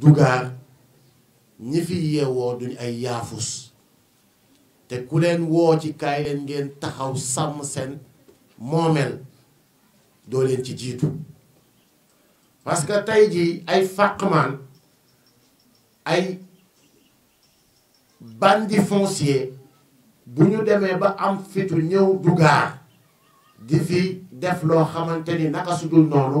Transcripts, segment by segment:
dugaar ñi fi yeewoo duñ ay yaafus te ku leen woo ci kaay leen ngeen taxaw sàmm seen moomeel doo leen ci jiitu parce que tey ji ay fàqmaan ay bandi foncier bu ñu demee ba am fitu ñëw dugaar di fi def loo xamante ni naka sudul noonu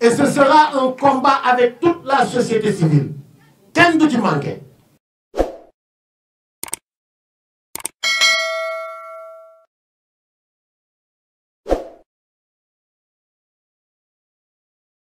et ce sera un combat avec toute la société civile